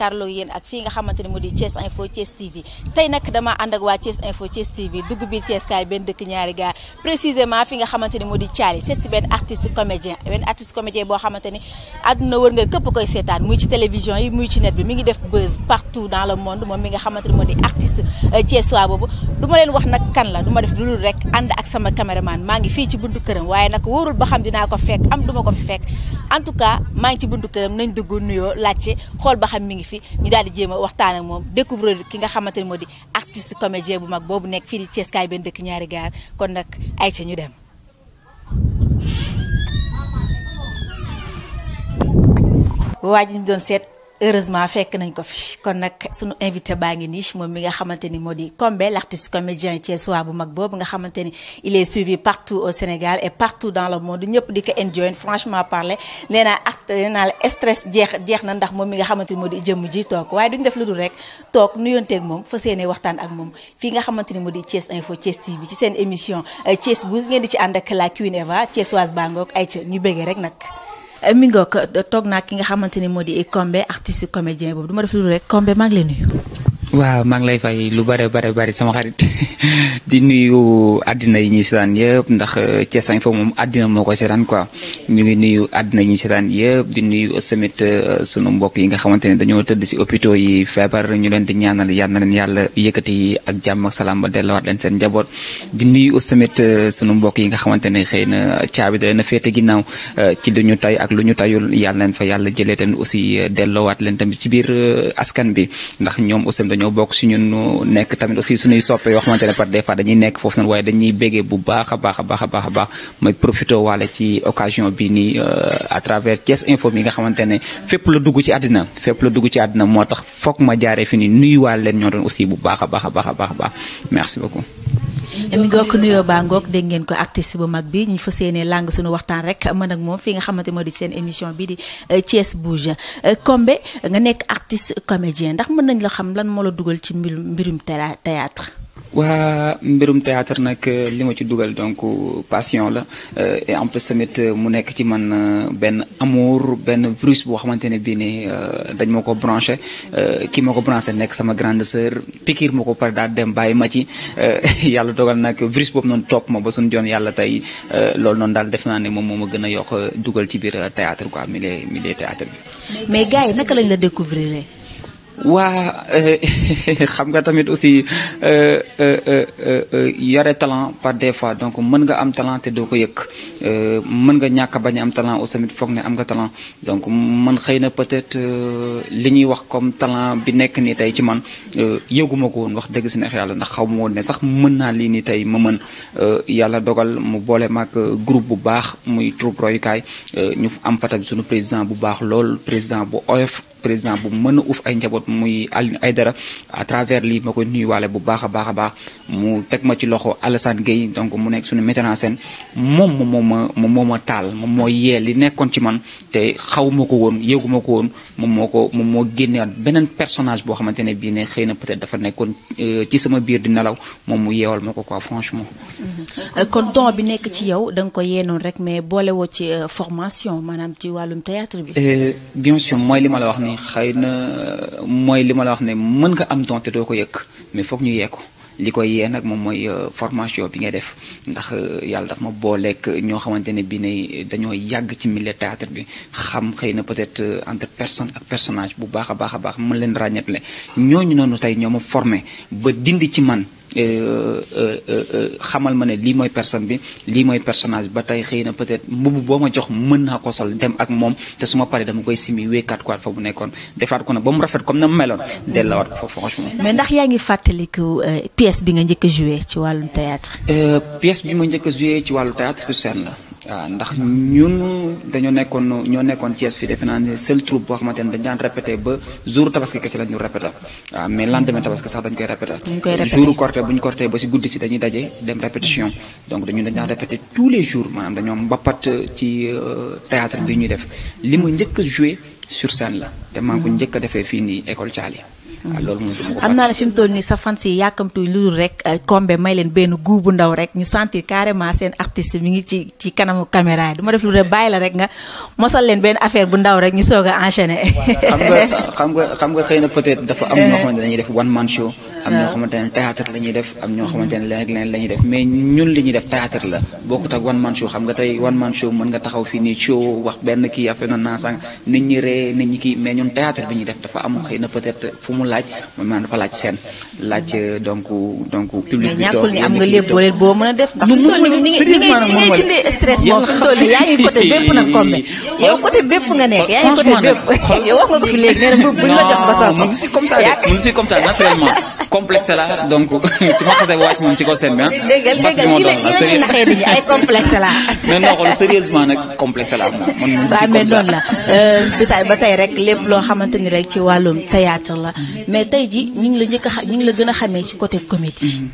jàkkaarloo yéen ak fii nga xamante ne moo di Thiès Info Thiès TV tey nag dama ànd ak waa Thiès Info Thiès TV dugg biir Thiès kaay benn dëkk ñaari gaar précisément fi nga xamante moo di Thiali seet si benn artiste comédien benn artiste comédien boo xamante àdduna wër nga këpp koy seetaan muy ci télévision yi muy ci net bi mi ngi def buzz partout dans le monde moom mi fi ñu daal di jéem a waxtaan ak moom découvrir ki nga xamante ne moo di artiste comédien bu mag boobu nekk fii di Thiès kay benn dëkk ñaari gaar kon nag ay ca ñu dem. waaj ñu doon seet. heureusement fekk nañ ko fi kon nag sunu invité baa ngi nii moom mi nga xamante ni moo di Combé l' artiste comédien thiessois bu mag boobu nga xamante ni il est suivi partout au Sénégal et partout dans le monde ñëpp di ko enjoy franchement parler nee naa art nee naa stress jeex jeex na ndax moom mi nga xamante ni moo di jëmm ji toog waaye duñ def lu dul rek toog nuyonteeg moom fas yéene waxtaan ak moom fii nga xamante ni moo di Thiès Info Thiès ci seen émission Thiès Buzz di ci ànd ak la Queen Eva thiessoise baa ngoog ay rek nag. Eh, mi ngoog toog naa ki nga xamante ni moo di Combé artiste comédien boobu du ma def lu rek Combé maa ngi lay nuyu. waaw maa ngi lay fay lu bare bare bari sama xarit di nuyu addina yi ñi seetaan yëpp ndax euh, Thiès Info moom addina moo koy seetaan quoi ñu ngi nuyu àddina yi ñuy seetaan yëpp di nuyu tamit euh, sunu mbokk yi nga xamante ne dañoo tëdd si hôpitaux yi feebar ñu leen di ñaanal yal na yàlla yëkkati ak jàmm ak salaam ba seen njaboot di nuyu tamit euh, sunu mbokk yi nga xamante ne xëy na caabi da a féete ginnaaw ci lu ñu tay ak lu ñu tayul yàlla leen fa yàlla jëlee tamit aussi delluwaat leen tamit ci biir askan bi ndax ñoom aussi dañoo bokk si ñun nekk tamit aussi suñuy soppe yoo xamante ne par des fois dañuy nekk foofu noonu waaye dañuy béggee bu baax a baax a baax a baax a baax may profité waale ci occasion bi nii euh, à travers Thiès Info mi nga xamante ne fépp la dugg ci àddina fépp la dugg ci àddina moo tax foog ma jaaree fi ni nuyu waale leen ñoo doon aussi bu baax a baax a baax a baax a baax merci beaucoup mi ngook nuyoo baa ngook dégg ngeen ko artiste bu mag bi ñu fa yéene làng suñu waxtaan rek mën ak moom fi nga xamante moo di seen émission bi di euh, Thiès Bouge Combé euh, nga nekk artiste comédien ndax mën nañ la xam lan moo la dugal ci mbirum mbirum théâtre waa mbirum théâtre nag euh, li ma ci dugal donc euh, passion la euh, et en plus tamit mu nekk ci man benn amour benn virus boo xamante ne bii nii dañ ma ko branché ki ma ko branché nekk sama grande sœur pikiir ma ko pare daal dem bàyyi ma ci yàlla dogal nag virus boobu noonu topp ma ba suñu joon yàlla tey lool noonu daal def naa ne moom moom ma gën a yokk dugal ci biir théâtre quoi milieu milieu théâtre bi. mais gars naka lañ la découvrir. waa euh, xam nga tamit aussi euh, euh, yare talent par des fois donc mën nga am talent te doo ko yëg mën nga ñàkk bañ am talent aussi tamit foog ne am nga talent donc man xëy na peut-être li ñuy wax comme talant bi nekk nii tey ci man yëguma ko woon wax dëgg si neex yàlla ndax xaw ma woon ne sax mën naa lii nii tey ma mën yàlla dogal mu boole maag groupe bu baax muy troupe royukaay ñu am fa tamit sunu président bu baax lool président bu oyof président bu mën a uuf ay njaboot muy lii ma koy nuyuwaale bu baax a baax a baax mu teg ma ci loxo Alassane Gueye donc mu nekk suñu metteur en moom moom moo ma moom moo taal moo yee li nekkoon ci man te xaw ma ko woon yëgu ma ko woon moom moo ko moom moo génnewaat beneen personnage boo xamante ne bii ne xëy na peut-être dafa nekkoon euh, ci sama biir di nelaw moom mu yeewal ma ko quoi franchement. Euh, kon don bi nekk ci yow da ko yee noonu rek mais boolewoo ci euh, formation maanaam ci wàllum théâtre bi. bien sûr mooy li wax ni ni xëy na mooy li ma la wax ne mën nga am don te doo ko yëkk mais foog ñu yee ko li koy yee nag moom mooy euh, formation bi ngay def ndax euh, yàlla daf ma booleeg ñoo xamante ne bii ne dañoo yàgg ci milieu théâtre bi xam xëy na peut-être euh, entre personne ak personnage bu baax a baax a baax mën leen ràññetle ñooñu noonu tey ñoo ma formé ba dindi ci man Euh, euh, euh, xamal ma ne lii mooy personne bi lii mooy personnage ba tey xëy na peut-être mbubb boo ma jox mën naa ko sol dem ak moom te su ma paree dama koy simi wékkaat ko fa bu nekkoon defaat ko nag ba mu rafet comme na mu meloon waat ko fa franchement. mais ndax yaa ngi fàttaliku pièce bi nga njëkk a joué ci wàllu théâtre. pièce bi ma njëkk a ci wàllu théâtre sur scène la. waaw ndax ñun dañoo nekkoon ñoo nekkoon Thiès fi defe naa ne seul troupe boo xamante ne dañ daan répété ba jour tabaski kese la ñu répété waaw mais lendemain tabaski sax dañ koy répété. dañ koy répété jour corté bu ñu corté ba si guddi si dañuy daje dem répétition donc dañu dañ daan répété tous les jours maanaam dañoo mbappat ci euh, théâtre bi ñu def li ma njëkk a joué sur scène la te maa ko njëkk a defee fii nii école Thiali. Ah, xam naa ne fi mu toll nii sa fans yi yàkkamtu lu rek combe euh, may leen benn guub bu ndaw rek ñu sentir carément seen artiste mi ngi ci ci kanamu caméra yi du ma def lu rek bàyyi la rek nga mosal leen benn affaire bu ndaw rek ñu soog a enchaîner. xam nga nga xam xëy na peut-être dafa am ñoo xamante def one man show. am ñoo xamante ñuy def ñoo mm-hmm. xamante ne leneen leneen la ñuy def mais ñun li ñuy def théâtre la bokkut ak one man show tey one man show nga taxaw fii nii show wax benn kii affaire na naa sang nit ñuy def dafa am xëy na peut fu mu laaj man maanaam dafa laaj seen laaj euh, donc donc public bi toog mais ñàkkul ni am nga lépp boo leen boo mën a def ndax fi toll ni ngay dindee stress moom fi toll yaa ngi côté bépp nag comme yow côté bépp nga nekk yaa ngi côté bépp yow wax nga ko fi léegi nee na bu ñu la jox ba sax man si comme ça man si comme ça naturellement complexe la donc su ma xasee wàcc moom ci kaw seen bi ah parce que moo doon la sérieux naxee nit ñi ay complexe la mais non xool sérieusement nag complexe la moom man moom si comme ça waaw mais noonu la euh, ba tey rek lépp loo xamante ni rek ci wàllum théâtre la mais tey ji ñu ngi la njëkk a ñu ngi la gën a xamee ci côté comédie. Mhm.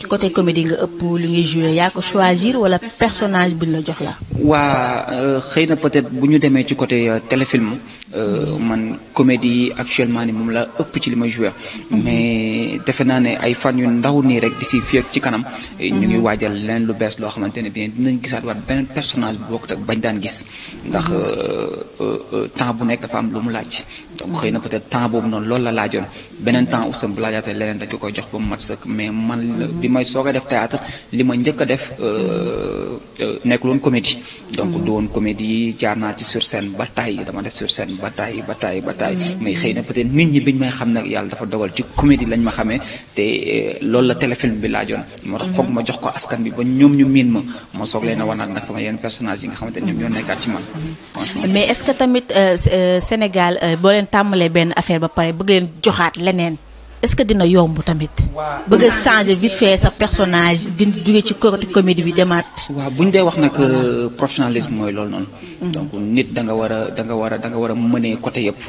ci côté comédie nga ëpp li ngay joué yaa ko choisir wala personnage bi ñu la jox la. waa euh, xëy na peut-être bu ñu demee ci côté euh, téléfilm euh, man comédie actuellement ni moom la ëpp ci li may joué. mais defe naa ne ay fan yu ndaw nii rek di si fii ci kanam. ñu ngi mhm. waajal leen lu bees loo xamante ne bien dinañ gisaat waat beneen personnage bu bokkut ak bañ daan gis. ndax mhm. temps bu nekk dafa am lu mu donc xëy na peut-être temps boobu noonu loolu la laajoon beneen temps aussi bu laajaatee leneen rek ki koy jox ba mu mat sëkk mais man bi may soog a def théâtre li ma njëkk def euh, euh, nekkul woon comédie donc ba tàyyi dama ba tàyyi ba tàyyi mm-hmm. xëy na peut-être nit ñi biñ may xam ne yàlla dafa dogal ci comédie lañ ma xamee te euh, loolu la téléfilm bi laajoon moo tax foog ma jox ko askan bi ba ñoom ñu miin ma ma soog leen a wanaat nag sama yenn personnage yi nga xamante ne ñoom ñoo nekkaat ci man mm-hmm. mais est tamit Sénégal boo leen tàmmalee benn affaire ba pare bëgg leen joxaat leneen est-ce que dina yomb tamit. bëgg a changer vite fait sa personnage di jóge ci côté comédie bi demaat. waaw bu ñu dee wax nag euh, professionnalisme mooy loolu noonu. donc nit da nga war a da nga war a da war a mënee côté yëpp.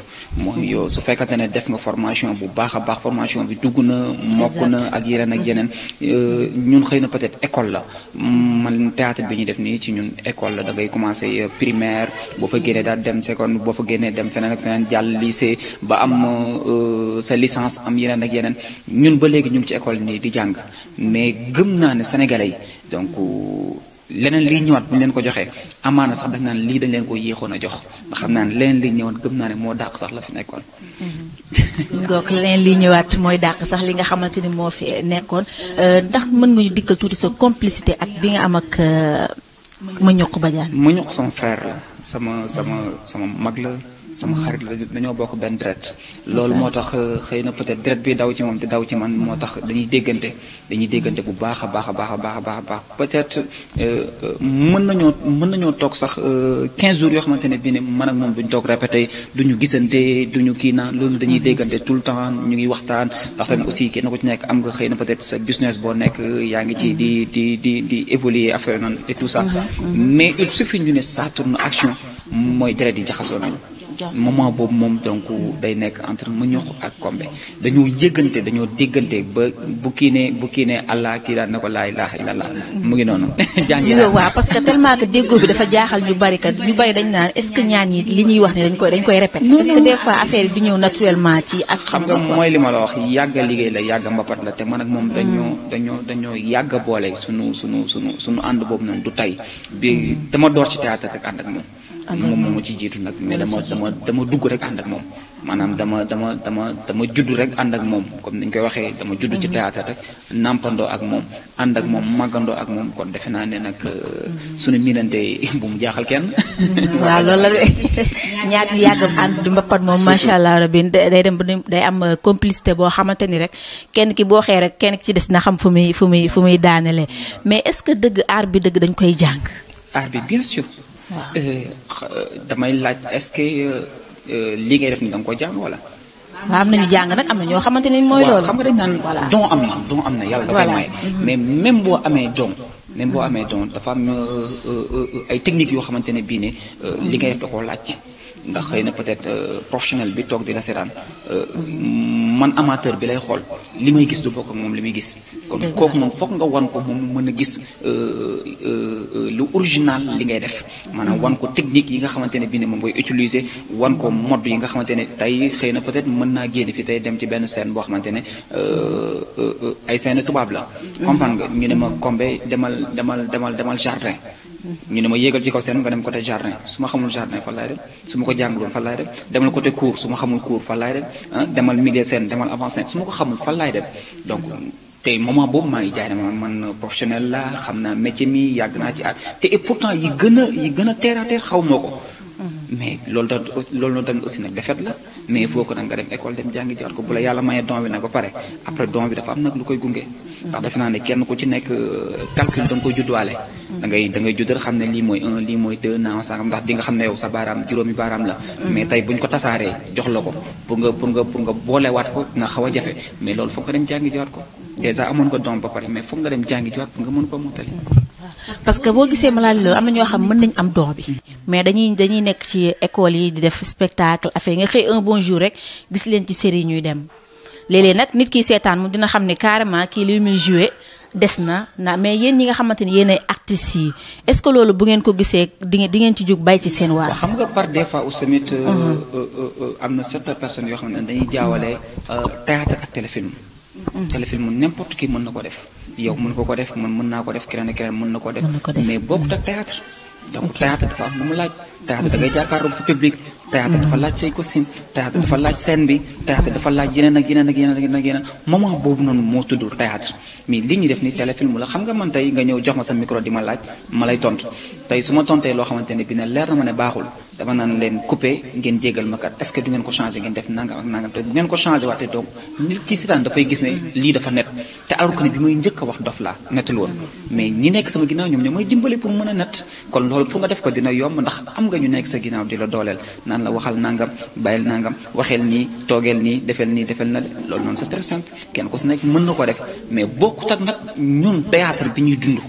mooy yow su fekkante ne def nga formation bu baax a baax formation bi dugg na. mokk na ak yeneen ak yeneen. Euh, ñun xëy na peut-être école la man théâtre bi ñu def nii ci ñun école la da ngay commencer euh, primaire boo fa génnee daal dem seconde boo fa génnee dem feneen ak feneen jàll lycée ba am sa licence am yeneen. yeneen ak yeneen ñun ba léegi ñu ci école nii di jàng mais gëm naa ne sénégalais yi donc euh, leneen li ñëwaat bu ñu leen ko joxee amaana sax dañ naan lii dañ leen ko yéexoon a jox ndax xam naa ne leneen liy ñëwaat moo dàq sax la fi nekkoon. Mm-hmm. donc leneen liy ñëwaat mooy dàq sax li nga xamante ni moo fi nekkoon euh, ndax mën nga ñu dikkal tuuti sa complicité ak bi nga am ak euh, ma ñuq Badiane. ma ñuq sama frère la sama sama sama mag la. sama xarit la dañoo bokk benn deret loolu moo tax euh, xëy na peut-être deret bi daw ci moom te daw ci man moo tax dañuy déggante dañuy déggante bu baax a baax a baax a baax a baax baax peut-être euh, euh, mën nañoo mën nañoo toog sax 15 jours yoo xamante ne bii ne man ak moom duñ toog répété duñu gisante duñu kii naan loolu dañuy déggante tout le temps ñu ngi waxtaan ndax tamit aussi kenn ku ci nekk am nga xëy na peut-être sa business boo nekk yaa ngi ci di di di di évoluer affaire noonu tout ça mm-hmm. Mm-hmm. mais il ne ça tourne action mooy deret yi jaxasoo nañu moment boobu moom donc day nekk entre ma ñox ak kombe dañoo yëgante dañoo déggante ba bu kii ne bu kii ne allah kii daan na ko laa ilaaha la mu ngi noonu jàngi waaw parce que tellement que déggoo bi dafa jaaxal ñu bari kat ñu bari dañ naan est-ce que ñaan yi li ñuy wax ni dañ koy dañ koy répété est-ce que des fois bi ñëw naturellement ci ak xam nga mooy li ma la wax yàgga liggéey la yàgga mbapat la te man ak moom dañoo mm. dañoo dañoo yàgga boole sunu sunu sunu sunu ànd boobu noonu du tey bi dama door ci théâtre rek moom moo ci jiitu nag mais dama dama dama dugg rek ànd ak moom maanaam dama dama dama dama judd rek ànd ak moom comme niñ koy waxee dama judd ci mhm. théâtre rek nàmpandoo ak moom ànd ak moom màggandoo ak moom kon defe naa ne nag euh, suñu miinante bu mu jaaxal kenn waaw loolu la de ñaar yàgg ànd du mbappat moom macha allah rabbi day dem day am euh, complicité boo xamante ni rek kenn ki boo xee rek kenn ki ci des na xam fu muy fu muy fu muy daanelee mais est-ce que dëgg aar bi dëgg dañ koy jàng aar bi bien sûr Euh, euh, damay laaj est-ce que euh, li ngay def ni da nga ko jàng wala. waaw am nañu jàng nag am na ñoo xamante ni mooy loolu. xam nga dañ naan don am na don am na yàlla da koy maye. Mhm. mais boo amee don. même boo amee don dafa am ay techniques yoo xamante ne bii ne li ngay def da koo laaj. ndax xëy na peut-être euh, professionnel bi toog di la seetaan euh, man amateur bi lay xool li may gis du bokk moom li muy gis kon kooku moom foog nga wan ko moom mën a gis euh, lu original li ngay def maanaam mm-hmm. wan ko technique yi nga xamante ne bi ne moom koy utiliser wan ko mode yi nga xamante ne tey xëy na peut-être mën naa génn fii tey dem ci benn scène boo xamante ne ay scène tubaab la mm-hmm. comprendre nga ñu ne ma Combé demal demal demal demal jardin ñu ne ma yéegal ci kaw seen nga dem côté jardin su ma xamul jardin fan laay dem su ma ko jànguloon fan laay dem demal côté cour su ma xamul cour fan dem ah, seen demal avant seen ma xamul fan laay dem donc tey moment boobu maa ngi jaay dama man professionnel la xam naa métier mi yàgg naa ci at te et pourtant yi gën a yi gën a terre xaw moo ko mais loolu da loolu noonu tamit aussi nag defet la mais foo ko nag nga dem école dem jàngi jiwaat ko bu la yàlla mayee don bi nag ba pare après don bi dafa am naa ne kenn ku ci nekk euh, calcul da nga koy juddwaale da ngay da ngay mooy lii mooy deux naa di nga xam ne yow sa baaraam juróomi baaraam la mais ko tasaaree jox la ko pour nga pour nga pour nga boolewaat ko nga a jafe mais loolu foog nga dem jàngi jiwaat ko dèjà amoon nga don ba pare mais foog nga dem jàngi jiwaat pour nga mën ko montali parce que boo gisee maladie loolu am na ñoo xam mën nañ am don bi mais dañuy dañuy nekk ci école yi di def spectacle affaire nga xëy un bon jour rek gis leen ci série ñuy dem léeg-léeg nag nit kiy seetaan mu dina xam ne carrément kii li muy joué des na na mais yéen ñi nga xamante ni yéen ay artistes yi est-ce que loolu bu ngeen ko gisee di ngeen di ngeen ci jug bàyyi ci seen waar. xam nga par des fois aussi tamit. Euh, mhm. euh, euh, na certaines personnes yoo xam ne dañuy jaawale théâtre ak téléfilm. téléfilm n'importe qui mën na ko def yow mën ko ko def mën naa ko def keneen keneen mën na ko def mais bokkut ak théâtre donc théâtre dafa laaj da ngay jàkkaarloog sa public théâtre dafa mm-hmm. laaj say costume théâtre dafa laaj seen bi théâtre dafa laaj yeneen ak yeneen ak yeneen ak yeneen moment boobu noonu moo tuddu théâtre mais li ñuy def nii téléfilm la xam nga man tey nga ñëw jox ma sa micro di ma laaj ma lay tontu tey su ma tontee loo xamante ne bi ne leer na ma ne baaxul dama naan leen coupé ngeen jégal ma kat est-ce que du ngeen ko changé ngeen def nangam ak nangam te bu ngeen ko changé waate donc dafay gis ne lii dafa net te alors que bi may njëkk wax dof laa netul woon mais ñi nekk sama ginnaaw ñoom ñoo may dimbale pour a net kon loolu pour nga def ko dina yomb ndax am nga ñu nekk sa ginnaaw di la dooleel naan la waxal nangam bàyyil nangam waxeel nii toogeel nii defeel nii defeel na loolu noonu c'est très simple kenn ku si nekk mën na ko def mais bokkut ak nag ñun théâtre bi ñuy dund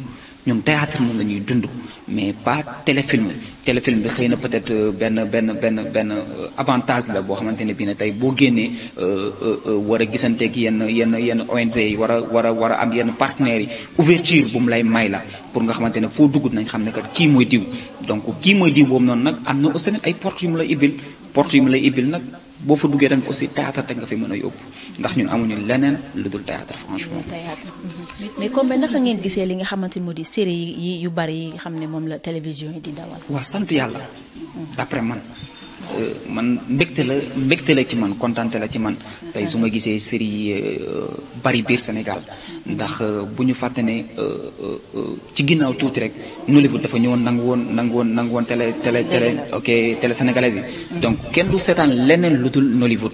ñun théâtre moom la ñuy dund mais pas téléfilm téléfilm bi xëy na peut-être euh, benn benn benn benn euh, avantage la boo xamante ne bii ne tey boo génnee euh, war a gisanteek yenn yenn yenn ONG yi war a war a war a am yenn partenaires yi ouverture bu mu lay may la pour nga xamante ne foo dugg nañ xam ne kat kii mooy diw donc kii mooy diw boobu noonu nag am na aussi ay portes yu mu lay ibbil portes yu mu lay ibbil nag boo fa duggee tamit aussi théâtre rek nga fi mën a yóbbu ndax ñun amuñu leneen lu dul théâtre franchement. mais comme naka ngeen gisee li nga xamante ni moo di série yi yu bari yi nga xam ne moom la télévision yi di dawal. waaw sant yàlla d'après man. Euh, man mbégte la mbégte la ci man kontaante la ci man tey su ma gisee série euh, bari biir Sénégal ndax euh, bu ñu fàtte ne ci ginnaaw tuuti rek Nollywood dafa ñëwoon nangu woon nangu woon nangu woon télé télé télé ok télé sénégalaise yi donc kenn du seetaan leneen lu dul Nollywood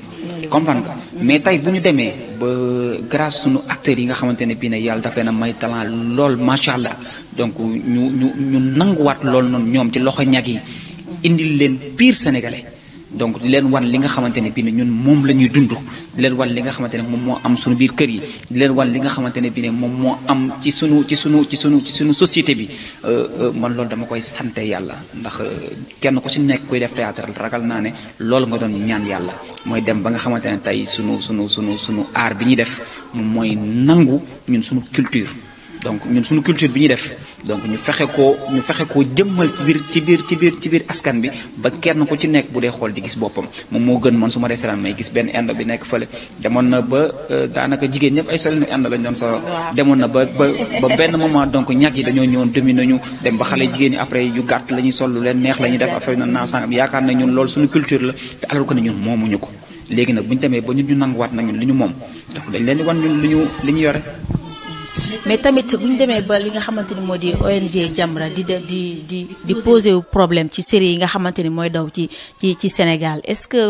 comprendre nga mais tey bu ñu demee ba grâce sunu acteurs yi nga xamante ne bii ne yàlla daf leen a may talent lool macha allah donc ñu ñu ñu nanguwaat lool noonu ñoom ci loxo ñag yi indil leen pire sénégalais donc di leen wan li nga xamante ne bii ne ñun moom la ñuy dund di leen wan li nga xamante ne moom moo am suñu biir kër yi di leen wan li nga xamante ne bii ne moom moo am ci sunu ci sunu ci sunu ci sunu société bi euh, euh, man loolu dama koy sante yàlla ndax euh, kenn ko ci nekk kuy def théâtre ragal naa ne loolu nga doon ñaan yàlla mooy dem ba nga xamante ne tey sunu sunu sunu sunu aar bi ñuy def moom mooy nangu ñun sunu culture donc ñun suñu culture bi ñu def donc ñu fexe koo ñu fexe koo jëmmal ci biir ci biir ci biir ci biir askan bi ba kenn ku ci nekk bu dee xool di gis boppam moom moo gën man su ma restaurant may gis benn indo bi nekk fële demoon na ba euh, daanaka jigéen ñëpp ay solinu indo lañ doon solo demoon na ba ba ba benn moment donc ñag yi dañoo ñëwoon domine nañu dem ba xale jigéen ñi après yu gàtt la ñuy sol lu leen neex la ñuy def affaire na naasangam yaakaar na ñun loolu suñu culture la te alors que ne ñun moomuñu ko léegi nag bu ñu demee ba ñun ñu nanguwaat na ñun li ñu moom li ñu li mais tamit bu ñu demee ba li nga xamante ni moo di ONG Jamra di di di di poser problème ci série yi nga xamante ni mooy daw ci ci ci Sénégal est-ce que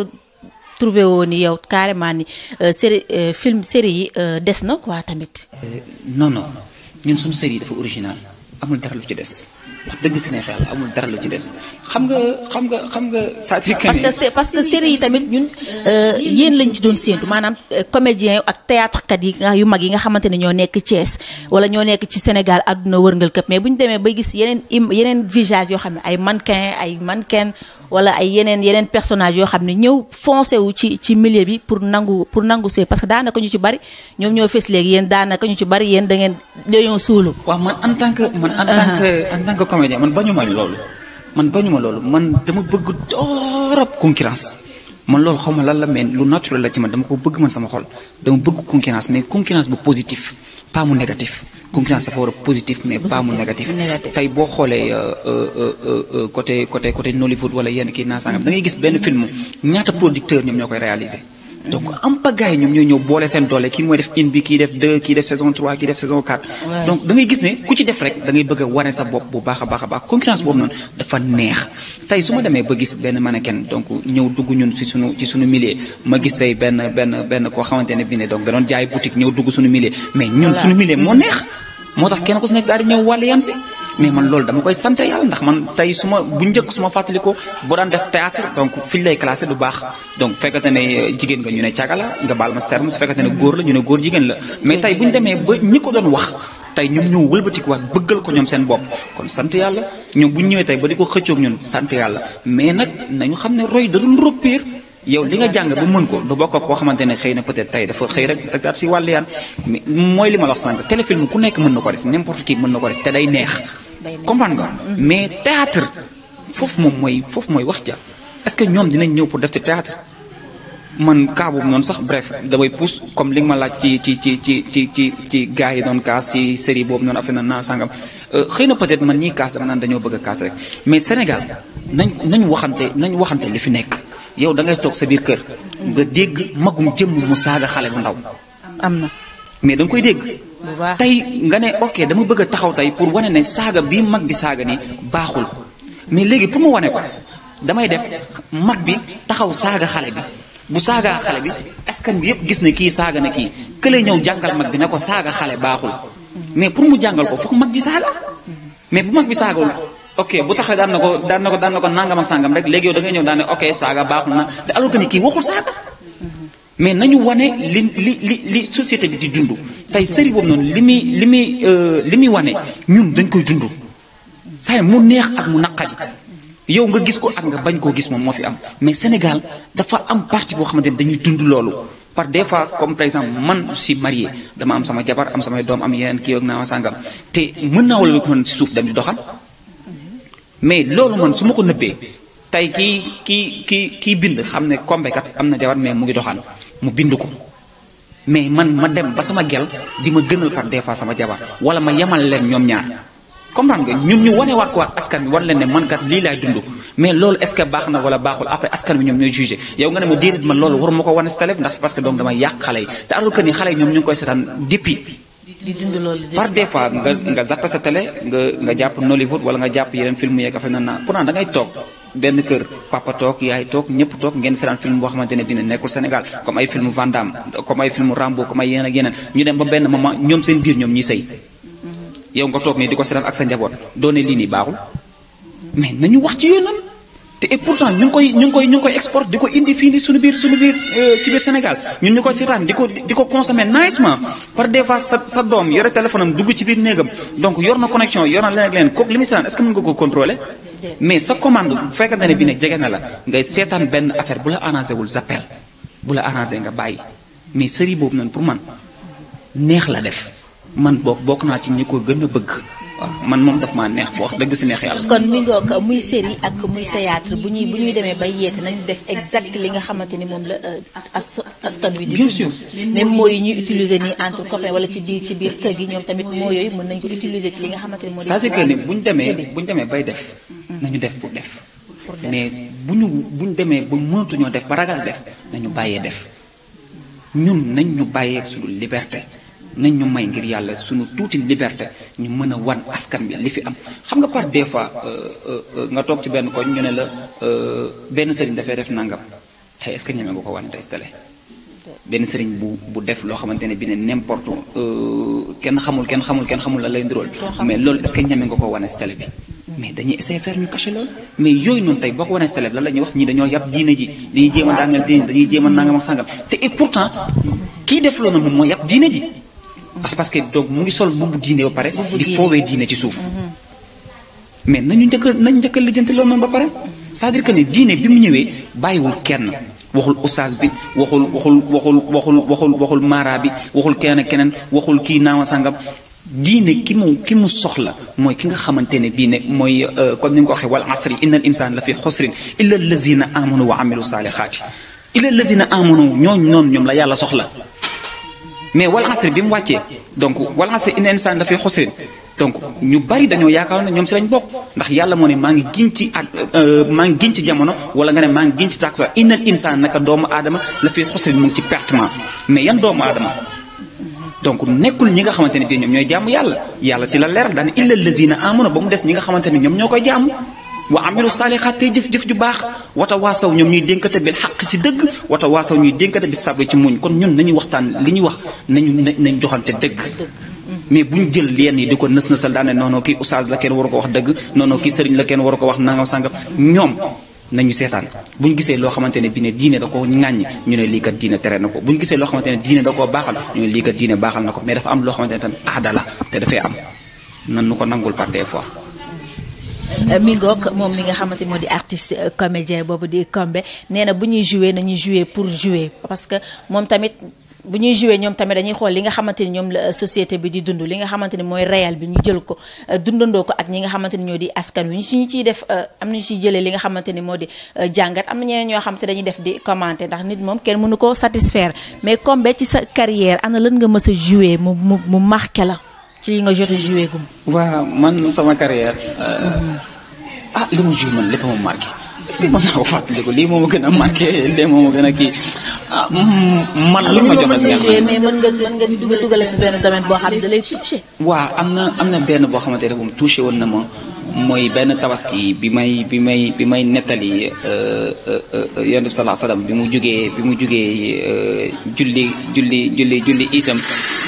trouver woo ni yow carrément ni euh, série euh, film série yi euh, des na quoi tamit. non non ñun suñu série dafa original. amul dara lu ci des wax dëgg si amul dara lu ci des xam nga xam nga xam nga. c'est-à-dire que parce série yi tamit ñun euh, yéen lañ ci doon séentu maanaam euh, comédien ak théâtre kat yi yu mag yi nga xamante ne ñoo nekk Thiès wala ñoo nekk ci Sénégal adduna wërngal këpp mais bu ñu demee bay gis yeneen im yeneen visage yoo xam ne ay mannequin ay mannequin wala ay yeneen yeneen personnage yoo xam ne ñëw foncé wu ci ci milieu bi pour nangu pour nangu see parce que daanaka ñu ci bari ñoom ñoo fees léegi yéen daanaka ñu ci bari yéen da ngeen dañoo suulu. waaw man en tant que man en tant que uh-huh. en tant que comédien man loolu man bañu ma loolu man dama bëgg torop concurrence man lool xaw ma lan la mais lu naturel la ci man dama ko bëgg man sama xol dama bëgg concurrence mais concurrence bu positif pas mu négatif. concurrence dafa war a positif mais pas mu négatif tey boo xoolee euh, euh, euh, côté côté côté Nollywood wala yenn kii naasangam da ngay gis benn film ñaata producteur ñoom ñoo koy réaliser donc am pagaay ñoom ñoo ñëw boole seen doole kii mooy def une bi kii def deux kii def saison 3 kii def saison 4. donc da ngay gis ne ku ci def rek dangay ngay bëgg a sa bopp bu baax a baax a baax concurrence boobu noonu dafa neex tey su ma demee ba gis benn kenn donc ñëw dugg ñun si sunu ci sunu milieu ma gis say benn benn benn koo xamante ne bii ne donc da jaay boutique ñëw dugg sunu milieu mais ñun sunu milieu moo neex. moo tax kenn ku si nekk daal di ñëw wàllu yan si mais man loolu dama koy sant yàlla ndax man tey su ma bu njëkk suma ma fàttalikoo boo daan def théâtre donc fi lay classé du baax donc fekkate ne jigéen nga ñu ne caga nga baal ma terme su fekkate ne góor la ñu ne góor jigéen la mais tey bu ñu demee ba ñi ko doon wax tey ñoom ñoo wëlbatikuwaat bëggal ko ñoom seen bopp kon sant yàlla ñoom bu ñu ñëwee tey ba di ko xëccoog ñun sant yàlla mais nag nañu xam ne roy da yow li nga jàng ba mën ko du bokk ak koo xamante ne xëy na peut-être tey dafa xëy rek rek daal si wàllu yaan mooy li ma wax sànq téléfilm ku nekk mën na ko def n'importe qui mën na ko def te day neex comprendre nga mm-hmm. mais théâtre foofu moom mooy foofu mooy wax ja est-ce que ñoom dinañ ñëw pour def ci théâtre man kaa boobu noonu sax bref damay pousse comme li nga ma laaj ci ci ci ci ci ci ci gars yi doon kaas ci série boobu noonu affaire na naa sangam euh, xëy na peut-être man ñii kaas dama naan dañoo bëgg a kaas rek mais Sénégal nañ nañu waxante nañ waxante li fi nekk yow da ngay toog sa biir kër. nga dégg magum jëmm mu saaga xale bu ndaw. am na mais da nga koy dégg. tey nga ne ok dama bëgg a taxaw tey pour wane ne saaga bii mag bi saaga ni baaxul mais léegi pour mu wane ko damay def mag bi taxaw saaga xale bi bu saagaa xale bi askan bi yëpp gis ne kii saaga na kii kële ñëw jàngal mag bi ne ko saaga xale baaxul mais pour mu jàngal ko foog mag ji saaga mais bu mag bi saagawul ok bu taxawee daan na ko daan na ko daan na ko nàngama sàngam rek léegi yow da ngay ñëw daan ne ok saaga baaxul na te alors que ni kii waxul saaga mais nañu wane li li li li société bi di dund tey série boobu li muy li muy euh, li muy wane ñun dañ koy dund saa mu neex ak mu naqari yow nga gis ko ak nga bañ koo gis moom moo fi am mais Sénégal dafa am parti boo xamante ne dañuy dund loolu par des fois comme par exemple man si marié dama am sama jabar am samay doom am yeneen kii ak naa sàngam te mën naa wala kon si suuf dem di doxal mais loolu man su ma ko nëbbee tey kii kii kii kii bind xam ne Combé kat am na jabar mais mu ngi doxaan mu bind ko mais man ma dem ba sama gel di ma gënal par des sama jabar wala ma yamal leen ñoom ñaar comprendre nga ñun ñu wane waat ko waat askan bi wan leen ne man kat lii laay dund mais loolu est ce que baax na wala baaxul après askan bi ñoom ñooy jugé yow nga ne ma déedéet man loolu waruma ko wane si télé ndax parce que donc damay yàq xale yi te alors que ni xale yi ñoom ñu ngi koy seetaan par des fois nga nga sa télé nga jàpp Nollywood wala nga jàpp yeneen film yeeg affaire na naa pourtant da ngay toog benn kër papa toog yaay toog ñëpp toog ngeen seetaan film boo xamante ne nekkul Sénégal comme ay film Van comme ay film Rambo comme ay yeneen ak yeneen ñu dem ba benn moment ñoom seen biir ñoom ñuy sëy yow nga toog nii di ko seetaan ak sa njaboot doone lii nii baaxul mais nañu wax ci yoonam te et pourtant ñu ngi koy ñu ngi koy ñu ngi koy export di ko indi fii ni suñu biir suñu biir euh, ci biir Sénégal ñun ñu koy seetaan di ko di ko consommer nicement par des fois sa sa doom yore téléphone am dugg ci biir néegam donc yor na connexion yor na leneen ak leneen kooku li ko contrôler mais sa commande bu fekkante ne bi ne jege na la ngay seetaan benn affaire bu la arrangé wul zappel bu la arrangé nga bàyyi mais série boobu noonu pour man neex la def man bokk bokk naa ci ñi ko gën a bëgg waaw man moom daf maa neex boo wax dëgg si neex yàlla. kon mi ngoog muy série ak muy théâtre bu ñuy bu ñuy demee bay yeete nañu def exact li nga xamante ni moom la euh, as askan wi. bien sûr même moo yi ñuy utiliser nii entre copains wala ci biir ci biir kër gi ñoom tamit moo yooyu mën nañ ko utiliser ci li nga xamante ni moo. c'est-à-dire que ni bu ñu demee bu ñu demee bay def. Mm-hmm. nañu def pour def. mais bu ñu bu ñu demee ba mënatuñoo def ba ragal def nañu bàyyee def ñun nañ ñu bàyyee suñu liberté. nañ ñu may ngir yàlla suñu tuuti liberté ñu mën a wan askan bi li fi am xam nga par des fois euh, euh, euh, nga toog ci benn koñ ñu ne la benn sëriñ dafay def nangam tey est-ce que ñeme nga ko wane tey télé benn sëriñ bu bu def loo xamante ne bi ne n'importe kenn xamul kenn xamul kenn xamul la lay ndirool mais loolu est-ce que ñeme nga ko wane si télé bi mais yooyu noonu tey boo ko wane si télé la ñuy wax ñi dañoo yàpp diine ji dañuy jéem a daaneel a nangam te et pourtant kii def loolu moom mooy yàpp diine ji parce que donc mu ngi sol mbubu diine ba pare. di foowee diine ci suuf. Mhm. mais nañu njëkk a nañu njëkka a lijjanti loolu noonu ba pare. cest dire que ne diine bi mu ñëwee bàyyiwul kenn waxul oustaz bi waxul waxul waxul waxul waxul waxul mara bi waxul keneen ak keneen waxul kii naawa sangam. diine ki mu ki mu soxla mooy ki nga xamante ne bii ne mooy euh, comme ni nga ko waxee wal asri innal insaan la fi xosrin illa lazina amanu wa amilu saalihaati illa lazina amanu ñooñu noonu ñoom la yàlla soxla. mais wal asri bi mu wàccee donc wal asri inna insaan dafay ñu bari dañoo yaakaar ne ñoom si lañ bokk ndax yàlla moo ne maa ngi giñ ci ak euh, maa ngi giñ ci jamono wala nga ne maa ngi giñ ci tàkkusa innal insaan naka doomu aadama la fi xusrin mu ngi ci pertement mais yan doomu aadama donc nekkul ñi nga xamante ne bii ñoom ñooy jaamu yàlla yàlla si la leer daan illa lazina amuna ba mu des ñi nga xamante ne ñoom ñoo koy jaamu wa amilu saalixaat tey jëf-jëf ju baax wata waasaw ñoom ñuy dénkate bil xaq si dëgg wata waasaw ñuy dénkate bi sabri ci muñ kon ñun nañu waxtaan li ñu wax nañu nañ te dëgg mais bu ñu jël leen yi di ko nës nësal daane noonu kii oustaz la kenn waru ko wax dëgg noonu kii sëriñ la kenn waru ko wax nangam sàngam ñoom nañu seetaan bu ñu gisee loo xamante ne bi ne diine da ko ŋàññ ñu ne lii kat diine tere na ko bu ñu gisee loo xamante ne diine da koo baaxal ñu ne lii na ko mais dafa am loo xamante ne te dafay am nan nu ko nangul par des fois Euh, mi ngoog moom mi nga xamante moo di artiste euh, comédien boobu di Combé nee na bu ñuy jouer nañuy jouer pour jouer parce que moom tamit bu ñuy jouer ñoom tamit dañuy xool li nga xamante ni ñoom la euh, société bi di dund li xamante ni mooy réel bi ñu jël ko dundandoo ko ak ñi nga xamante ni ñoo di askan wi ñu su ñu ciy def am nañu ciy jëlee li nga xamante ni moo di jàngat am na ñeneen ñoo xamante dañuy def di commenter ndax nit moom kenn mënu ko satisfaire mais Combé ci sa carrière ana lan nga mës a mu mu mu marqué la ci nga jot a joué gum waaw man sama carrière. Euh, ah li mu joué man lépp ma marqué. est-ce que mën naa ko fàttaliku lii moom a gën a marqué lii moom a gën a kii ah mm, man la ma jox a mën nga mën nga dugal dugal ci benn domaine boo xam ne da lay am na am na benn boo xamante ne moom touché woon na ma. mooy benn tabaski bi may bi may bi may nettali euh, euh, euh, yonent bi salaa salaam bi mu jógee bi mu jugee julli julli julli julli itam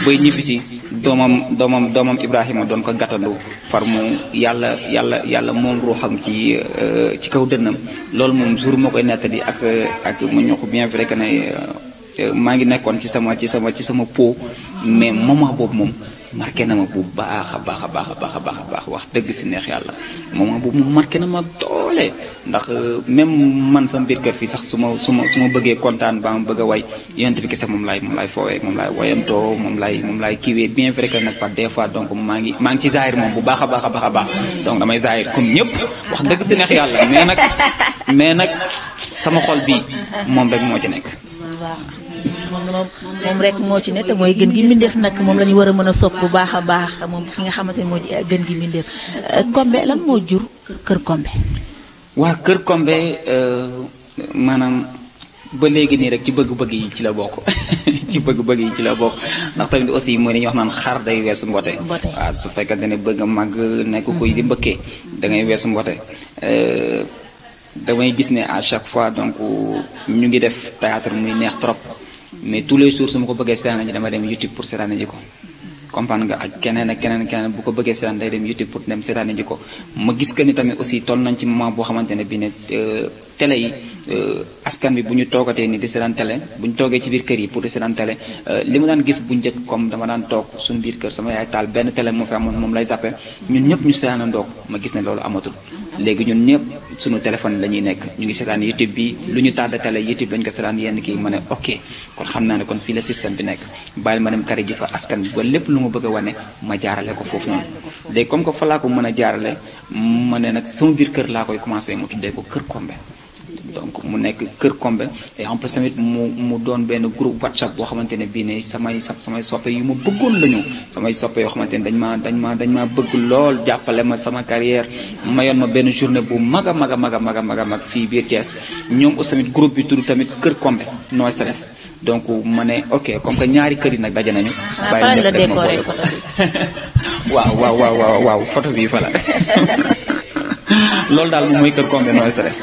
bay ñibbisi doomam doomam doomam Ibrahima doon ko gàttandu far mu yàlla yàlla yàlla moom ruuxam ci ci kaw dënnam loolu moom jour moo koy nettali ak ak mu ñoo ko bien vrai que ne maa ngi nekkoon ci sama ci sama ci sama pot mais moment boobu moom marqué na ma bu baax a baax a baax a baax baax a wax dëgg si neex yàlla moment boobu mu marqué na ma doole ndax euh, même man sa mbir kër fii sax su ma su ma su bëggee kontaan ba ma bëgg a way yonent bi kese moom laay moom laay foowee moom laay wayantoo moom laay moom laay kiiwee bien vrai que nag par des fois donc maa ngi maa ngi ci zaahir moom bu baax a baax a baax a baax donc damay zaahir comme ñëpp wax dëgg si neex yàlla mais nag mais nag sama xol bi moom rek moo ci nekk. moom moom moom rek moo ci ne te mooy gën gi mbindeef nag moom la ñu war a mën a sopp bu baax a baax moom ki nga xamante ne moo di gën gi mbindeef euh, Kombe lan moo jur Kër Kombe. waa Kër Kombe euh, maanaam ba léegi nii rek ci bëgg-bëgg yi ci la bokk ci bëgg-bëgg yi ci la bokk ndax tamit aussi mooy li ñuy wax naan xar day weesu mbote. waaw su fekkante ne bëgg a màgg nekk kuy di mbëkkee da ngay weesu mbote. Euh, damay gis ne à chaque fois donc ñu ngi def théâtre muy neex trop mais tous les jours su ma ko bëggee seetaan ji dem YouTube pour seetaan ji ko comprendre nga ak keneen ak keneen keneen bu ko bëggee seetaan day dem YouTube pour dem seetaan ji ko ma gis que ni tamit aussi toll nañ ci moment boo xamante ne bi ne euh, télé yi euh, askan bi bu ñu toogatee ni di seetaan télé bu ñu toogee ci biir kër yi pour di seetaan télé euh, li ma daan gis bu njëkk comme dama daan toog suñu biir kër sama yaay taal benn télé moo fi amoon moom lay zappe ñun ñëpp ñu seetaanandoo ma gis ne loolu amatul léegi ñun ñëpp suñu téléphone la ñuy nekk ñu ngi seetaan YouTube bi lu ñu tàdd télé YouTube lañu ko seetaan yenn kii ma ne ok kon xam naa ne kon fii la système bi nekk bàyyil ma dem kari ji askan bi ba lépp lu ma bëgg a jaarale ko foofu noonu comme que fa laa ko mën jaarale ma ne nag sama biir kër laa koy commencé mu tuddee ko kër Kombe donc mu nekk Kër Kombe et en plus tamit mu doon benn groupe WhatsApp boo xamante ne bii ne samay samay soppe yu ma bëggoon lañu samay soppe yoo xamante ne dañ maa dañ maa dañ maa bëgg lool jàppale ma sama carrière mayoon ma benn journée bu mag a mag a mag a mag a mag a mag fii biir Thiès ñoom aussi tamit groupe bi tudd tamit Kër Kombe no stress donc ma ne ok comme que ñaari kër yi nag daje nañu. Ah, bàyyi la ma photo bi waaw waaw waaw waaw photo bi fa loolu daal moom mooy kër Combé no stress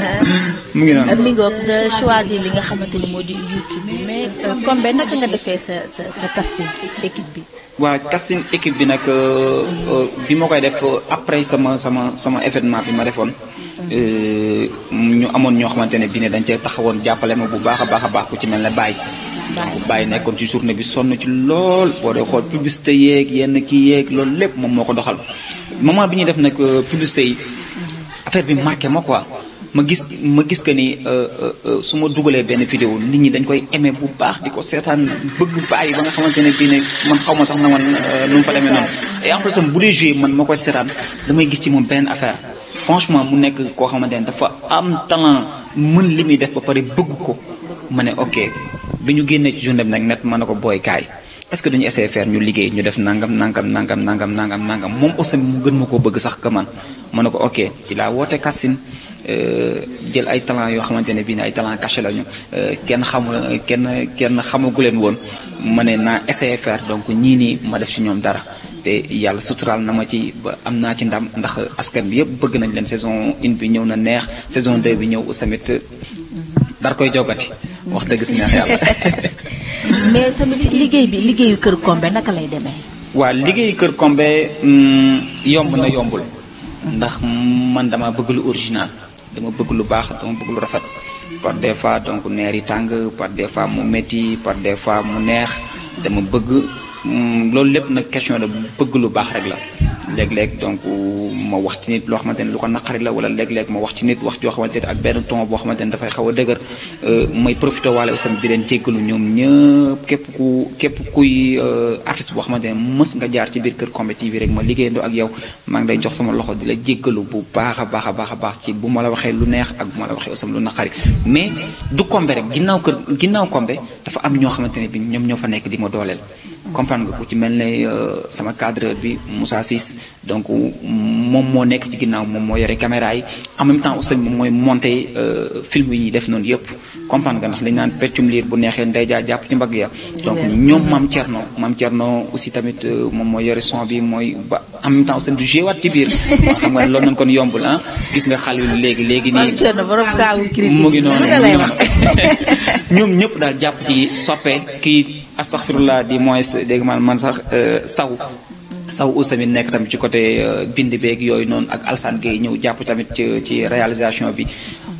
mu ngi noonu. mi ngoog nga choisir li nga xamante ni moo di YouTube bi mais Combé euh, naka nga defee sa sa sa casting équipe bi. waa casting équipe bi nag euh, euh, bi ma koy def après sama sama sama événement bi ma defoon. ñu amoon ñoo xamante ne bi ne dañ cee taxawoon jàppale ma bu baax a baax a baax ku ci mel ne Baye. bàyyi nekkoon ci journée bi sonn ci lool boo dee xool publicité yeeg yenn kii yéeg loolu lépp moom moo ko doxal moment bi ñuy def nag euh, publicité yi affaire bi marqué ma quoi ma gis ma gis que ni euh, euh, su ma dugalee benn vidéo nit ñi dañ koy aimé bu baax di ko seetaan bëgg bàyyi ba nga xamante ne bii ne man xaw ma sax na man nu mu fa demee noonu et en plus bu dee joué man ma koy seetaan damay gis ci moom benn affaire franchement mu nekk koo xamante ne dafa am talent mën li muy def ba pare bëgg ko ma ne ok bi ñu génnee ci journée bi nag net man na ko booy kaay est-ce que dañu essayer faire ñu liggéey ñu def nangam nangam nangam nangam nangam nangam moom aussi mu gën ma koo bëgg sax que man a ko ok ci laa woote Kassine euh, jël ay talent yoo xamante ne bii ne ay talent caché lañu euh, kenn xamul kenn kenn xamagu leen woon ma ne naa essayer donc ñii nii ma def ci ñoom dara te yàlla suturaal na ma ci ba am naa ci ndam ndax askan bi yëpp bëgg nañ leen saison une bi ñëw na neex saison deux bi ñëw tamit dar koy jogati wax dëgg si neex yàlla. mais tamit liggéey bi liggéeyu Kër Kombe naka lay demee. waa liggéeyu Kër Kombe mm, yomb na yombul. ndax man dama bëgg lu original dama bëgg lu baax dama bëgg lu rafet. par des fois donc neer yi tàng par des fois mu métti par des fois mu neex dama bëgg mm, loolu lépp nag question de bëgg lu baax rek la. léeg-léeg donc ma wax ci nit loo xamante ne lu ko naqari la wala léeg-léeg ma wax ci nit wax joo xamante ne ak benn ton boo ne dafay xaw a dëgër euh, may profité waale aussi di leen jéggalu ñoom ñëpp képp ku képp kuy euh, artiste boo xamante ne mës nga jaar ci biir kër Combé TV rek ma liggéeyandoo ak yow maa ngi lay jox sama loxo di la jéggalu bu baax a baax a baax a baax ci bu ma la waxee lu neex ak bu ma la waxee aussi lu naqari mais du Combé rek ginnaaw kër ginnaaw Combé dafa am ñoo xamante ne bi ñoom ñoo fa nekk di ma dooleel comprendre nga ku ci mel ne euh, sama cadreur bi Moussa Ciss donc moom moo nekk ci ginnaaw moom moo yore caméra yi en même temps aussi moom mooy monter euh, film yi ñuy def noonu yëpp. comprendre nga ndax dañu naan peccum liir bu neexee ndey jàpp ci mbagg ya donc ñoom maam Thierno maam Thierno aussi tamit euh, moom mooy yore son bi mooy ba am même temps seen du joué waat ci biir waaw xam nga loolu nañ kon yombul ah gis nga xale yu léegi léegi nii mu ngi noonu ñoom ñëpp daal jàpp ci soppe kii astaxfirullah di moins dégg man man sax euh, saw saw Ousseynou nekk tamit ci côté euh, bind beeg yooyu noonu ak Alsane Gueye ñëw jàpp tamit ci réalisation bi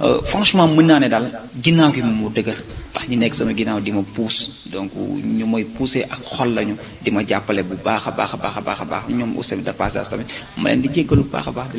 euh, franchement mën naa ne daal ginnaaw gi moom moo dëgër. ndax ñi nekk sama ginnaaw di ma puus donc ñu mooy poussé ak xol lañu di ma jàppale bu baax a baax baax a baax a baax ñoom aussi de passage tamit ma leen di jéggalu bu baax a baax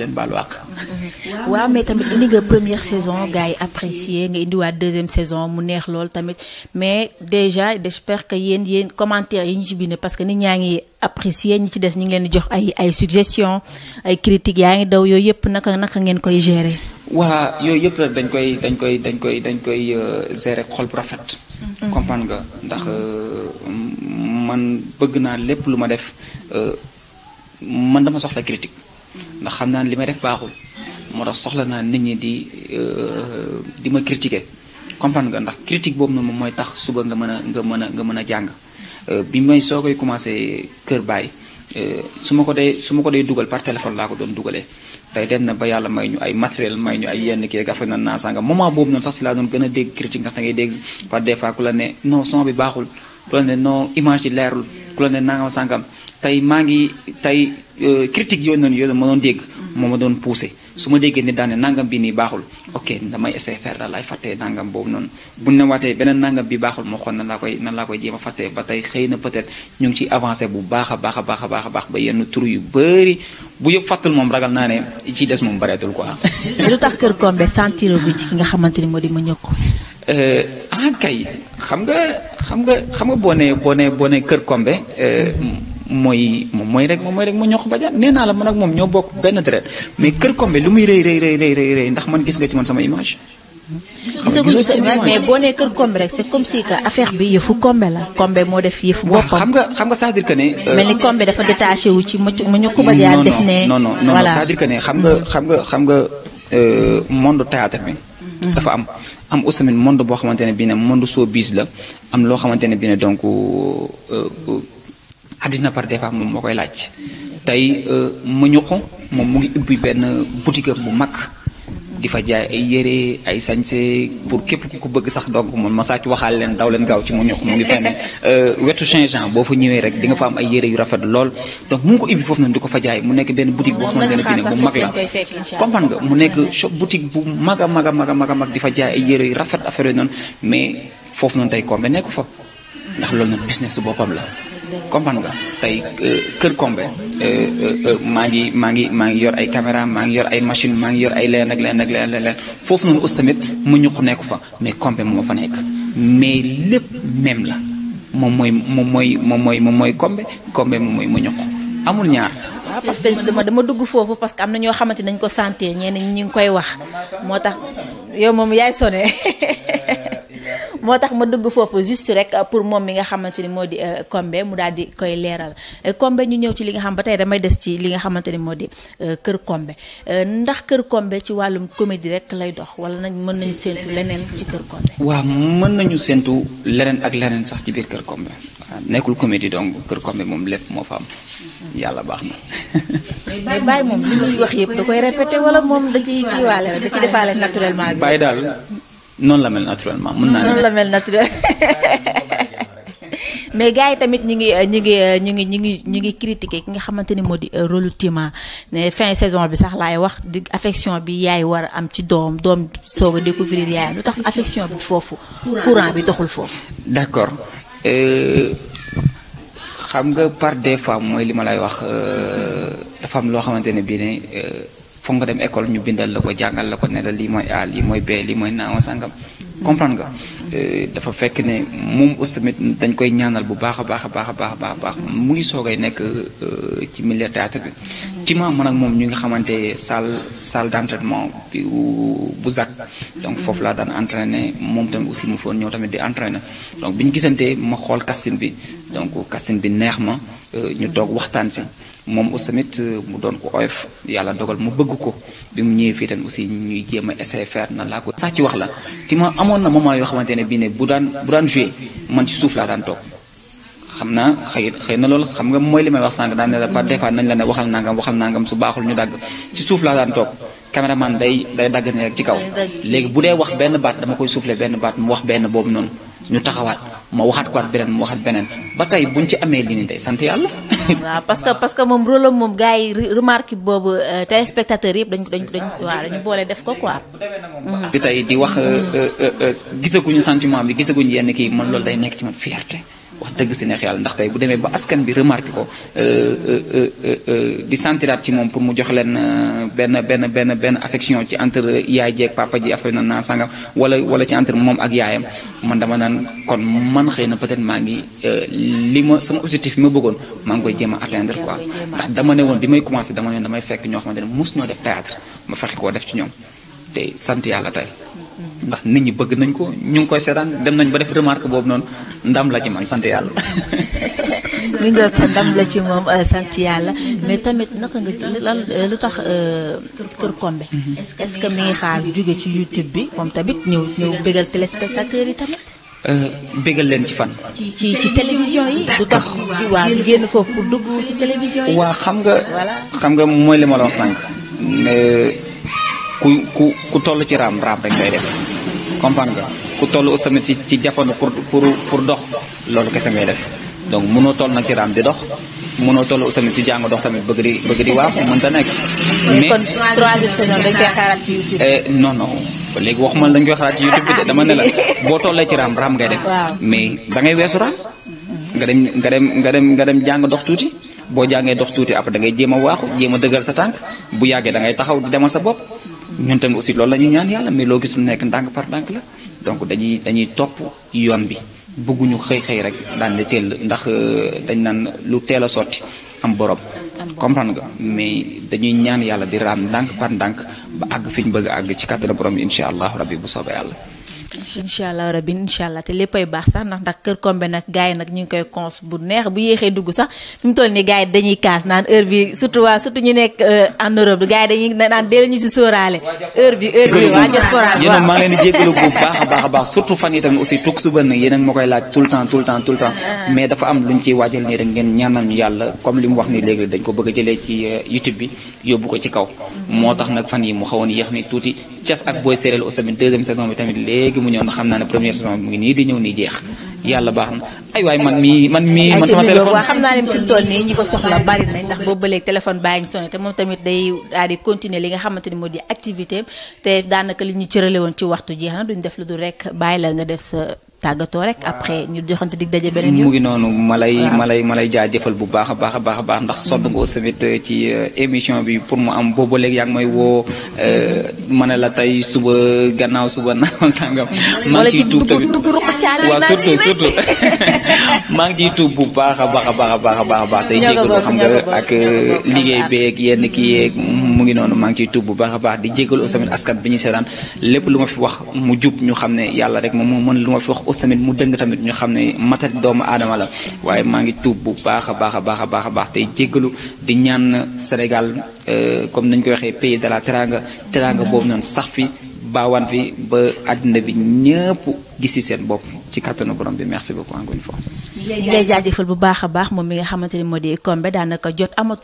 indi nga première saison gars yi apprécié nga indiwaat deuxième saison mu neex lool tamit mais déjà j'espère que yéen yéen commentaires yi ñu ci bind parce que nit ñaa ngi apprécié ñi ci des ñu ngi leen di jox ay ay suggestions ay critiques yaa ngi daw yooyu yëpp naka naka ngeen koy gérer. waa yooyu yëpp nag dañ koy dañ koy dañ koy dañ koy euh, gérer xol bu rafet. Mhm. comprendre nga ndax euh, man bëgg naa lépp lu ma def euh, man dama soxla critique ndax xam naa ne li may def baaxul moo tax soxla naa nit ñi di di ma critiquer compane ga ndax critique boobu noonu moom mooy tax suba nga mën nga mën a nga mën a jàng bi may soo koy commencé kër baay su ma ko dee su ma ko dee dugal par téléphone laa ko doon dugalee. tey dem na ba yàlla may ñu ay matériel may ñu ay yenn kii rek affaire na naa sànga moment boobu noonu sax si laa doon gën a dégg critique ndax da ngay dégg par des fois ku la ne non son bi baaxul ku la ne non image yi leerul ku la ne nangam sàngam tey maa ngi tey euh, critique yooyu noonu yooyu noonu doon dégg moo ma doon poussé su ma déggee ni daane nangam bi nii baaxul ok damay essayé faire daal laay fàttee nangam boobu noonu bu ne waatee beneen nangam bi baaxul moo xool laa koy nan laa koy jéem a fàttee ba tey xëy na peut-être ñu ngi ciy bu baax a baax a baax a baax baax ba yenn tur yu bëri bu yëpp fàttul moom ragal naa ne ci des moom bareetul quoi. mais lu tax Kër Gombe sentir gu ci ki nga xamante ni moo di ma ñëkk. Euh, ah kay xam nga xam nga xam nga boo nee boo nee boo nee Kër Gombe. Euh, mooy moom mooy rek moom mooy rek mu ba ja naa la man ak moom ñoo bokk benn traite mais Kër Gombe lu muy rëy rëy rëy rëy rëy ndax man gis nga ci man sama image. gisaguñu si mais boo nee kër Combé rek c'est comme si que affaire bi yëfu Combé la. Combé moo def yëfu boppam. xam nga xam nga cest à ne. Euh, mel ni Combé dafa détaché wu ci ma ma ñu Coumba Diagne def ne. non non ne xam nga xam nga xam nga euh, monde théâtre bi. dafa am am aussi monde boo xamante ne bii ne monde showbiz la am loo xamante ne bii ne donc àddina par des fois moom moo koy laaj. tey ma ñu ko moom mu ngi ubbi benn boutique bu mag. di fa jaay ay yére ay sañse pour képp ku ko bëgg sax donc man ma saa waxaal leen daw leen gaaw ci mu ñox mu ngi fenn euh, wetu Saint-Jean boo fa ñëwee rek di nga fa am ay yére yu rafet lool donc mu ngi ko ibbi foofu noonu di ko fa jaay mu nekk benn boutique boo xamante ne bii ne bu bu mag mag a mag a mag di fa jaay ay yére yu rafet affaire yooyu mais foofu noonu tey koom nekk fa ndax loolu nag business su boppam la comprendre nga tey euh, Kër Kombe euh, euh, maa ngi maa ngi maa ngi yor ay caméra maa ngi yor ay machine maa ngi yor ay leen ak leen ak leen leen foofu noonu aussi tamit mu ñuq nekku fa mais Kombe moo fa nekk mais lépp même la moom mooy moom mooy moom mooy moom mooy Kombe Kombe moom mooy mu ñuq amul ñaar waaw ah, parce que dama dama dugg foofu parce que am na ñoo xamante nañ ko santé ñeen ñi ngi koy wax moo tax yow moom yaay sone moo tax ma dugg foofu juste rek pour moom mi nga xamante ni moo di Combé euh, mu daal di koy leeral Combé euh, ñu ñëw ci li nga xam ba tey damay des ci li nga xamante ni moo di euh, kër Combé ndax kër Combé ci wàllum comédie rek lay dox wala nañ mën nañu séntu leneen ci kër Combé. waaw mën nañu séntu leneen ak leneen sax ci biir kër Combé nekkul comédie donc kër Combé moom lépp moo fa am yàlla baax na. mais moom li muy wax yëpp da koy répété wala moom da ciy kiiwaale da ci defaale noonu la mel naturellement mën naa. noonu la mel naturel mais gars yi tamit ñu ngi ñu ngi ñu ngi ñu ngi ñu ngi critiquer ki nga xamante ni moo di euh, rôle Tima ne fin saison bi sax laay wax di affection bi yaay war a am ci doom doom soo a découvrir yaayam lu tax affection bi foofu courant bi doxul foofu. d'accord euh, xam nga par des fois mooy li ma lay wax euh, dafa am loo xamante ne bii foog nga dem école ñu bindal la ko jàngal la ko ne la lii mooy A lii mooy B lii mooy naaw sàngam nga euh, dafa fekk ne moom aussi tamit dañ koy ñaanal bu baax a baax a baax a baax a baax mu ngi soogay nekk euh, ci milieu théâtre bi ci ma man moom ñu ngi xamante salle salle d'entraînement bi bu ZAC donc foofu laa daan entraîné moom tamit aussi mu foon ñëw tamit di entraîné donc bi ñu gisantee ma xool kastin bi donc casting bi neex ma euh, ñu toog waxtaan si moom aussi tamit euh, mu doon ko oyof yàlla dogal mu bëgg ko bi mu ñëwee fii tamit aussi ñuy jéem a essayer faire nan laa ko sax ci wax la ti ma amoon na moment yoo xamante ne bii ne bu daan bu daan joué man ci suuf laa daan toog xam naa xëy xëy na loolu xam nga mooy li may wax sànq daan ne la par des fois nañ la ne waxal nangam waxal nangam su baaxul ñu dagg ci suuf laa daan toog man day day dagg ne rek ci kaw léegi bu dee wax benn baat dama koy soufflé benn baat mu wax benn boobu noonu ñu taxawaat ma waxaat ko at beneen ma waxaat beneen ba tey buñ ci amee li ni day sant yàlla. waaw parce que parce que moom rôle am moom gars yi remarque boobu euh, téléspectateur yëpp dañ dañ ko waaw dañu boolee def ko quoi. bi tey di wax euh, euh, gisaguñu sentiment bi gisaguñu yenn kii man loolu day nekk ci man fierté. wax dëgg si neex yàlla ndax tey bu demee ba askan bi remarqué ko euh, euh, euh, di santiraat ci moom pour mu jox leen benn benn benn benn affection ci entre yaay jeeg papa ji affaire na naa sangam wala wala ci entre moom ak yaayam man dama naan kon man xëy na peut-être maa ngi li ma sama objectif bi ma bëggoon maa ngi koy jéem a atteindre quoi ndax dama ne woon bi may commencé dama ne damay fekk ñoo xamante ne mos ñoo def théâtre ma fexe koo def ci ñoom te sant yàlla tey ndax nit ñi bëgg nañ ko ñu ngi koy seetaan dem nañ ba def remarque boobu noonu ndam la ci man sant yàlla. mi la ci moom euh, sant yàlla mais tamit naka nga lan euh, lu tax euh, Kër Kombe. Mhm. est-ce que mi ngi xaar jóge ci YouTube bi moom tamit ñëw ñëw bégal téléspectateurs yi tamit. bégal leen ci fan. ci ci ci télévision yi. du tax waaw génn foofu pour dugg ci télévision yi. waaw xam nga xam nga mooy li ma sànq. ku ku ku toll ci raam raam rek ngay def. comprendre nga ku toll aussi tamit ci ci jafandu pour pour pour dox loolu kese ngay def donc mënoo toll nag ci raam di dox mënoo toll aussi ci jàng dox tamit bëgg di bëgg di waax mënta nekk. mais kon troisième saison dañ koy xaaraat ci YouTube. Eh, non non léegi waxuma dañ koy ci dama ne la boo tollee ci raam raam ngay def. mais da ngay weesu raam. nga dem nga dem nga dem nga dem jàng dox tuuti boo jàngee dox tuuti après da ngay jéem a waaxu jéem a dëgër sa tànk bu yàggee da ngay taxaw di demal sa bopp. ñun tamit aussi loolu la ñuy ñaan yàlla mais loo gis mu nekk ndànk par ndànk la donc dañuy dañuy topp yoon bi bëgguñu xëy xëy rek daan di teel ndax euh, dañ naan lu teel a sotti am borom. comprendre nga mais dañuy ñaan yàlla di raam ndànk par ndànk ba àgg fi ñu bëgg a àgg ci kàttanu borom bi incha allah rabbi bu soobee yàlla. incha allah rabi incha allah te léppay baax sax ndax ndax kër Kombe nag gars yi nag ñu ngi koy cons bu neex bu yéexee dugg sax fi mu toll ni gars yi dañuy kaas naan heure bi surtout waa surtout ñu nekk euh, en Europe gars yi dañuy naan dee ñu si sóoraale heure bi heure bi waa diaspora waaw yéen maa ngi leen di jégalu bu baax a baax a baax surtout fan yi tamit aussi toog suba na yéen a ngi ma koy laaj tout le temps tout le temps le temps ah. mais dafa am luñ ciy waajal nii rek ngeen ñaanal ñu yàlla euh, kaw mm. moo tax nag fan yi mu xawoon yéex ni tuuti cas ak booy séeréer aussi tamit deuxième saison bi tamit léegi mu ñëw na xam naa ne première saison mu ngi nii di ñëw nii jeex yàlla baax na ay waay man mii man mii man xam naa ne fi mu toll nii ñi ko soxla bari nañ ndax boobu ba léegi téléphone baa te moom tamit day daal di continuer li nga xamante ni moo di activité te daanaka li ñu cërale woon ci waxtu jeex na duñ def lu dul rek bàyyi la nga def sa tàggatoo rek après ñu joxante dig daje beneen yoon mu ngi noonu ma lay ma lay ma lay bu baax baax a baax a baax ndax sodd nga tamit euh, ci euh, émission bi pour mu am boobu léegi yaa ngi may euh, ma ne la tey suba gannaaw suba naan sangam. maa ngi ciy tuub tamit waaw surtout surtout tuub bu baax a baax a baax a baax a baax a baax tey jégalu xam nga ak liggéey beeg yenn kii yeeg mu ngi noonu maa ngi ciy tuub bu baax a baax di jégalu tamit askan bi ñu seetaan lépp lu ma fi wax mu jub ñu xam ne yàlla rek moom moo mën lu ma fi wax cause tamit mu dëng tamit ñu xam ne matat doomu aadama la waaye maa ngi tuub bu baax a baax a baax a baax tey jéggalu di ñaan Sénégal euh, comme nañ koy waxee pays de la teraanga teranga boobu noonu sax fi baawaan fi ba àddina bi ñëpp gis ci seen bopp ci kàttanu borom bi merci beaucoup encore une fois. di lay jaajëfal bu baax a baax moom mi nga xamante ni moo di Combé daanaka jot amat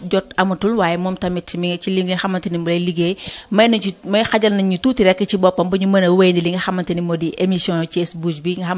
a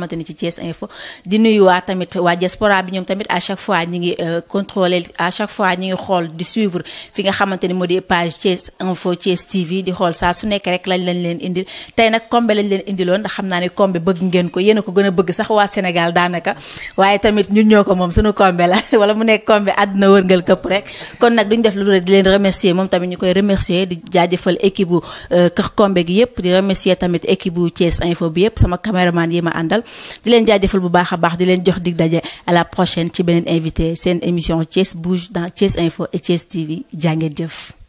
Info di nuyu tamit waa diaspora bi ñoom tamit à chaque fois ñi ngi euh, contrôler à chaque fois ñi ngi xool di suivre fi nga xamante moo di page Thiès Info Thiès TV di xool saa su nekk rek lañ lañ leen indil tey nag Combé lañ leen indiloon ndax xam naa ne Combé bëgg ngeen ko yéen a ko gën a bëgg bëgg sax waa Sénégal daanaka waaye tamit ñun ñoo ko moom suñu kombe la wala mu nekk kombe àdduna wërngal këpp rek kon nag duñ def lu dul di leen remercier moom tamit ñu koy remercier di jaajëfal équipe bu euh, kër kombe gi yëpp di remercier tamit équipe bu Thiès Info bi yëpp sama caméraman yi ma àndal di leen jaajëfal bu baax a baax di leen jox dig daje à la prochaine ci beneen invité seen émission Thiès Bouge dans Thiès Info et Thiès TV jaa ngeen jëf